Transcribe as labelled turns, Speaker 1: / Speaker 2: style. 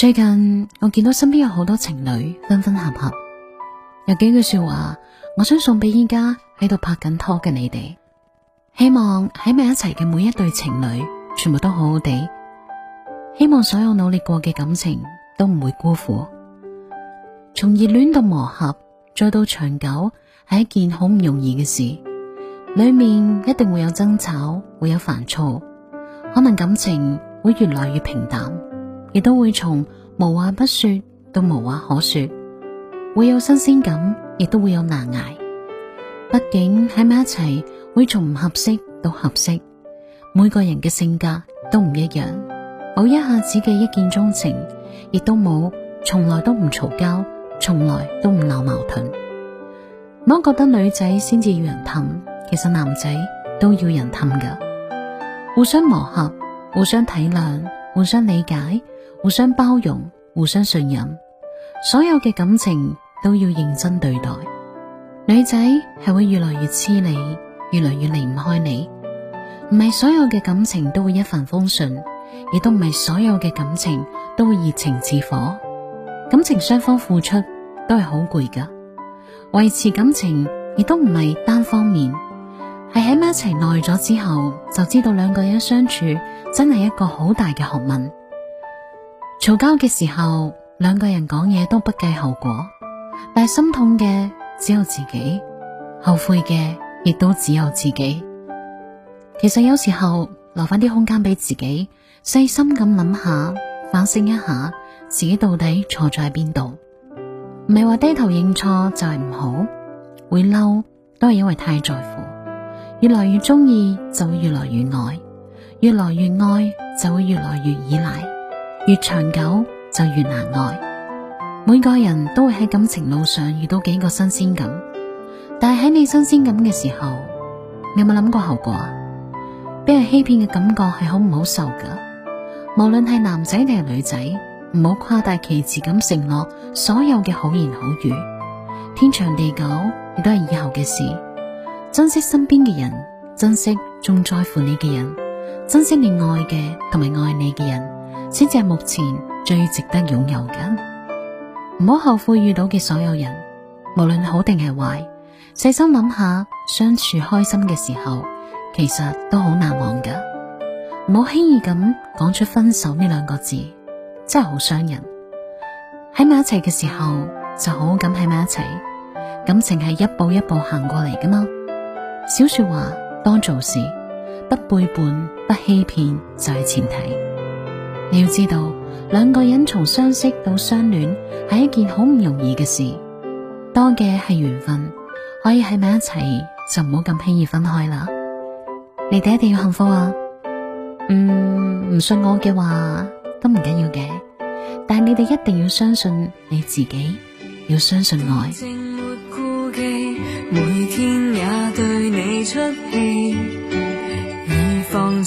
Speaker 1: 最近我見到身邊有好多情侶分分合合，有幾句說話，我想送俾依家喺度拍緊拖嘅你哋，希望喺埋一齊嘅每一對情侶全部都好好地，希望所有努力過嘅感情都唔會辜負。從熱戀到磨合，再到長久，係一件好唔容易嘅事，裏面一定會有爭吵，會有煩躁，可能感情會越來越平淡。亦都會從無話不說到無話可說，會有新鮮感，亦都會有難挨。畢竟喺埋一齊會從唔合適到合適，每個人嘅性格都唔一樣，冇一下子嘅一見鍾情，亦都冇從來都唔嘈交，從來都唔鬧矛盾。唔好覺得女仔先至要人氹，其實男仔都要人氹㗎，互相磨合，互相體諒，互相理解。互相包容，互相信任，所有嘅感情都要認真對待。女仔係會越來越痴你，越來越離唔開你。唔係所有嘅感情都會一帆風順，亦都唔係所有嘅感情都會熱情似火。感情雙方付出都係好攰噶，維持感情亦都唔係單方面。係喺埋一齊耐咗之後，就知道兩個人相處真係一個好大嘅學問。嘈交嘅時候，兩個人講嘢都不計後果，但係心痛嘅只有自己，後悔嘅亦都只有自己。其實有時候留翻啲空間俾自己，細心咁諗下，反省一下自己到底錯在邊度。唔係話低頭認錯就係唔好，會嬲都係因為太在乎。越來越中意就會越來越愛，越來越愛就會越來越依賴。越長久就越難愛。每個人都會喺感情路上遇到幾個新鮮感，但係喺你新鮮感嘅時候，你有冇諗過後果啊？俾人欺騙嘅感覺係好唔好受噶？無論係男仔定係女仔，唔好誇大其詞咁承諾所有嘅好言好語。天長地久亦都係以後嘅事。珍惜身邊嘅人，珍惜仲在乎你嘅人，珍惜你愛嘅同埋愛你嘅人。先至係目前最值得擁有嘅，唔好後悔遇到嘅所有人，無論好定係壞。細心諗下，相處開心嘅時候，其實都好難忘噶。唔好輕易咁講出分手呢兩個字，真係好傷人。喺埋一齊嘅時候，就好好咁喺埋一齊。感情係一步一步行過嚟噶嘛。少說話，當做事，不背叛，不欺騙，就係前提。你要知道，兩個人從相識到相戀係一件好唔容易嘅事，多嘅係緣分，可以喺埋一齊就唔好咁輕易分開啦。你哋一定要幸福啊！嗯，唔信我嘅話都唔緊要嘅，但係你哋一定要相信你自己，要相信愛。
Speaker 2: 對